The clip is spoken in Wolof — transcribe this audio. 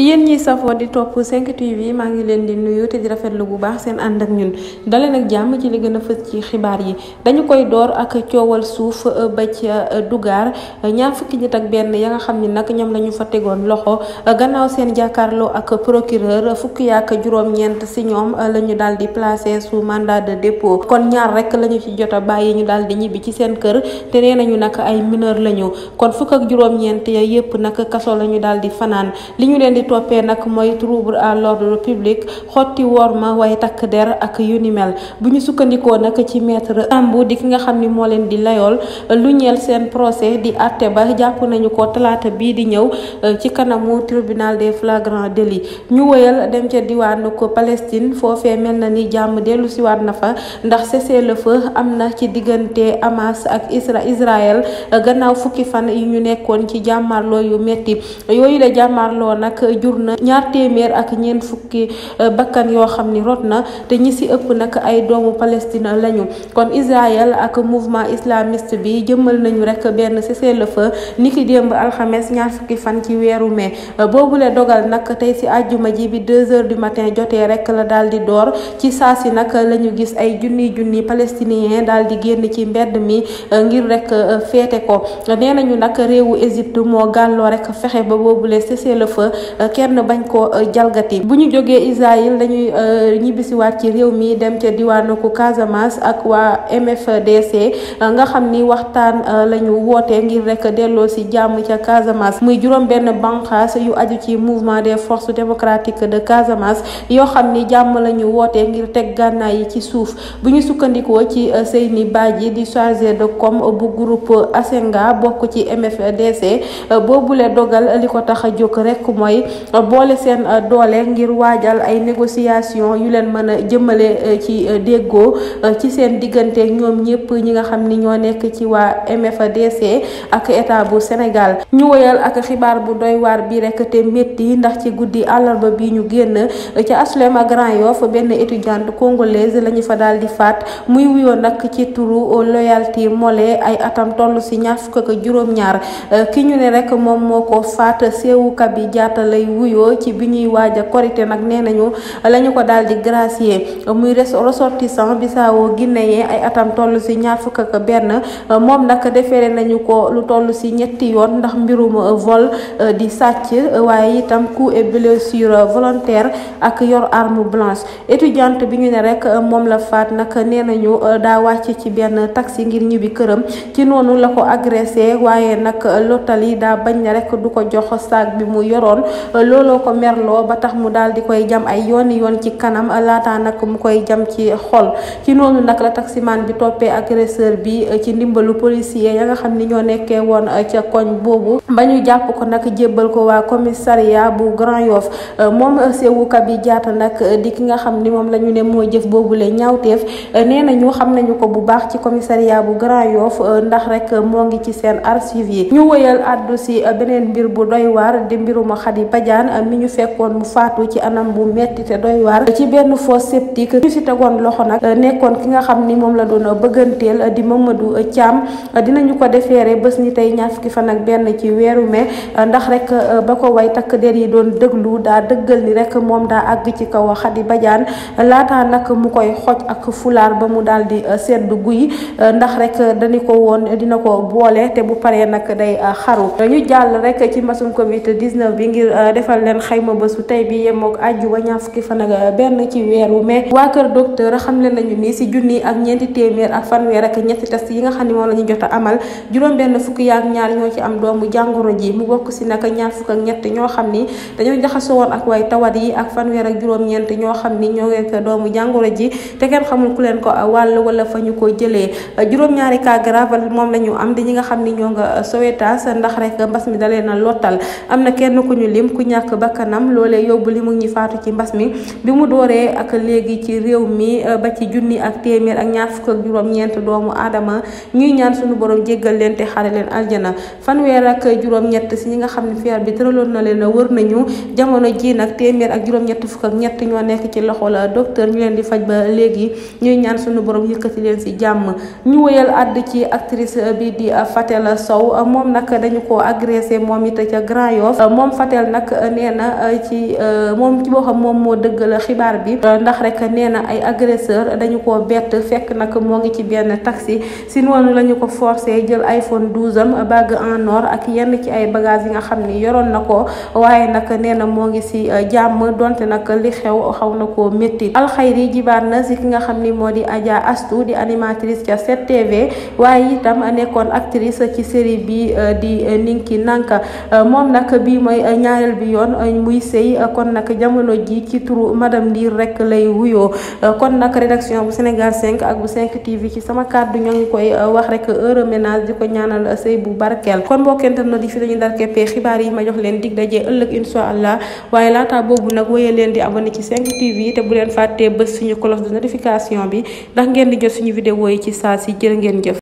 yéen ñiy safoo di topp 5 TV maa ngi leen di nuyu te di rafetlu bu baax seen ànd ak ñun dalee nag jàmm ci li gën a fës ci xibaar yi dañu koy door ak coowal suuf euh, ba ca euh, Dugar ñaar fukki nit ak benn ya nga xam ni nag ñoom la ñu fa tegoon loxo gannaaw seen jàkkaarloo ak procureur fukki ak juróom-ñeent si ñoom euh, la ñu daal di placé sous mandat de dépôt kon ñaar rek lañu ci jot a bàyyi ñu daal di ñibbi ci seen kër te nee ñu nag ay mineur la ñu kon fukk ak juróom yëpp nag kaso la ñu daal di fanaan toppee nag mooy trouble à l'ordre public xotti woor ma waaye takk der ak yu ni mel bu ñu sukkandikoo nag ci maître Sambou di ki nga xam ni moo leen di layool lu ñeel seen procès di àtte ba jàpp nañu ko talaata bii di ñëw euh, ci kanamu tribunal des flagrants délits ñu woyal dem ca diwaanu ko Palestine foofee mel na ni jàmm dellu siwaat na fa ndax cessez am na ci diggante Hamas ak Isra Israël gannaaw fukki fan yi ñu nekkoon ci jàmmarloo yu metti yooyu la jur na ñaar téeméer ak ñeent fukki euh, bakkan yoo xam ni rot na te ñi si ëpp nag ay doomu palestina lañu kon Israël ak mouvement islamiste bi jëmmal nañu rek benn cessez-le-feu niki démb alxames ñaar fukki fan ci weeru mai euh, boobule dogal nag tey si àjjuma ji bi deux heures du matin jotee rek la daal di door ci saa si nag lañu gis ay junni junni palestiniens daal di génn ci mbedd mi euh, ngir rek féete ko nee nañu nag réewu Égypte moo gàlloo rek fexe ba boobule Euh, kenn bañ ko euh, jalgati bu ñu jógee Israël dañuy euh, ñibbisiwaat ci réew mii dem ca diwaanu ku Casamance ak waa MFDC nga xam ni waxtaan lañu woote ngir rek delloo si jàmm ca Casamance muy juróom benn banqaas yu aju ci mouvement des force démocratiques de Casamance yoo xam ni jàmm lañu woote ngir teg gànnaay yi ci suuf bu ñu sukkandikoo ci Seyni Badji di chargé de com bu groupe Asenga bokk ci MFDC boobule dogal li ko tax a jóg rekk mooy boole seen euh, doole ngir waajal ay négociation yu leen mën a jëmmale euh, ci euh, déggoo ci seen diggante ñoom ñëpp ñi nga xam ni ñoo nekk ci waa MFDC ak état bu Sénégal ñu woyal ak xibaar bu doy waar bi rek te métti ndax ci guddi àllarba bi ñu génn ci aslem ak Grand fa benn étudiante congolaise la ñu fa daal di faat muy wuyoo nag ci turu Loyalty Molé ay atam toll si ñaar fukk ak juróom-ñaar ki ñu ne rek moom moo ko faat seewu kabi jaata lay ci bi ñuy waaj a korité nag nee nañu lañu ko daal di gracier muy ressortissant Bissau Guinée ay atam toll si ñaar fukk benn moom nag defeere nañu ko lu toll si ñetti yoon ndax mbirum vol euh, di sàcc waaye itam coup et blessure volontaire ak yor arme blanche étudiante bi ñu ne rek moom la faat nag nee nañu euh, daa wàcc ci benn taxi ngir ñibbi këram ci noonu la ko agressé waaye nag lotali daa bañ na rek du ko jox saak bi mu yoroon looloo ko merloo ba tax mu daal di koy jam ay yoon yoon ci kanam laata nag mu koy jam ci xol ci noonu nag la taximaan bi toppee agresseur bi eh, ci ndimbalu policier ya nga xam ni ñoo nekkee woon eh, ca koñ boobu ba ñu jàpp ko nag jébbal ko waa commissariat bu Grand Yoff eh, moom sewuka bi jaata nag di ki nga xam ni moom la ne moo jëf boobu boobule ñaawteef nee na ñu xam nañu ko bu baax ci commissariat bu Grand Yoff ndax rek moo ngi ci seen archive yi ñu wëyal bu doy Badiane euh, mi ñu fekkoon mu faatu ci anam bu metti te doy waar ci benn fosse septique ñu si tegoon loxo nag euh, nekkoon ki nga xam ni moom la doon euh, bëgganteel di Mamadou Thiam dinañu ko defeere bés ni tey ñaar fukki fan ak benn ci weeru mai ndax rek ba ko way takk der yi doon déglu daa dëggal ni rek moom daa àgg ci kaw Khady Badiane laata nag mu koy xoj ak fulaar ba mu daal di sedd guy ndax rek dañu ko woon dina ko boole te bu pare nag day xaru ñu jàll rek ci mbasum covid 19 bi ngir defal leen xayma bésu tey bi yemook àjjuma ñaar fukki fan ak benn ci weeru mai waa kër docteur xam leen nañu nii si junni ak ñeenti téeméer ak fanweer ak ñetti test yi nga xam ne moom la ñu jot amal juróom benn fukki yaak ñaar ñoo ci am doomu jàngoro ji mu bokk si nag ñaar fukk ak ñett ñoo xam ni dañoo jaxasoo woon ak way tawat yi ak weer ak juróom-ñeent ñoo xam ni ñoo ngeek jàngoro ji te kenn xamul ku leen ko wàll wala fa ñu ko jëlee juróom-ñaari cas grave moom la ñu am di ñi nga xam ni ñoo nga Sowétas ndax rek mbas mi dalee na lottal am na kenn ku ñu lim ku ñàkk bakkanam loolee yóbbu li mu ñi faatu ci mbas mi bi mu dooree ak léegi ci réew mi eh, ba ci junni ak téeméer ak ñaar fukk ak juróom ñeent doomu aadama ñuy ñaan suñu borom jéggal leen te xare leen aljana fanweer ak juróom ñett si ñi nga xam ne feer bi tëraloon na leen wër nañu jamono ji nag téeméer ak juróom ñett fukk ak ñett ñoo nekk ci loxo la docteur ñu leen di faj ba léegi ñuy ñaan suñu borom yëkkati leen si jàmm ñu wëyal àdd ci actrice eh, bi di eh, fatel sow moom nag dañu ko agressé moom it ca grand yoff moom fatel nag nag eh, nee na eh, ci eh, moom ci boo xam moom moo dëggal xibaar bi ndax rek nee na ay agresseur dañu koo bett fekk nak moo ngi ci benn taxi si noonu la ñu ko forcé jël iPhone 12 am bague en or ak yenn ci ay bagages yi nga xam ni yoroon na ko waaye nag nee na moo ngi si jàmm donte nag li xew xaw na koo métti alxayri jibaar na si ki nga xam ni moo di Adja Astou di animatrice ca 7TV waaye itam nekkoon actrice ci série bi di Ninki Nanka moom nag bii mooy ñaareel ñaareel bi yoon eh, muy sëy eh, kon nag jamono ji ci turu madame Ndir rek lay wuyoo eh, kon nag rédaction bu Sénégal 5 ak bu 5 TV ci sama kàddu ñoo ngi koy wax rek heureux ménage di ko ñaanal sëy bu barkeel kon mbokkente na te notification bi ndax ngeen di jot suñu vidéo yi ci saa si jërë ngeen jëf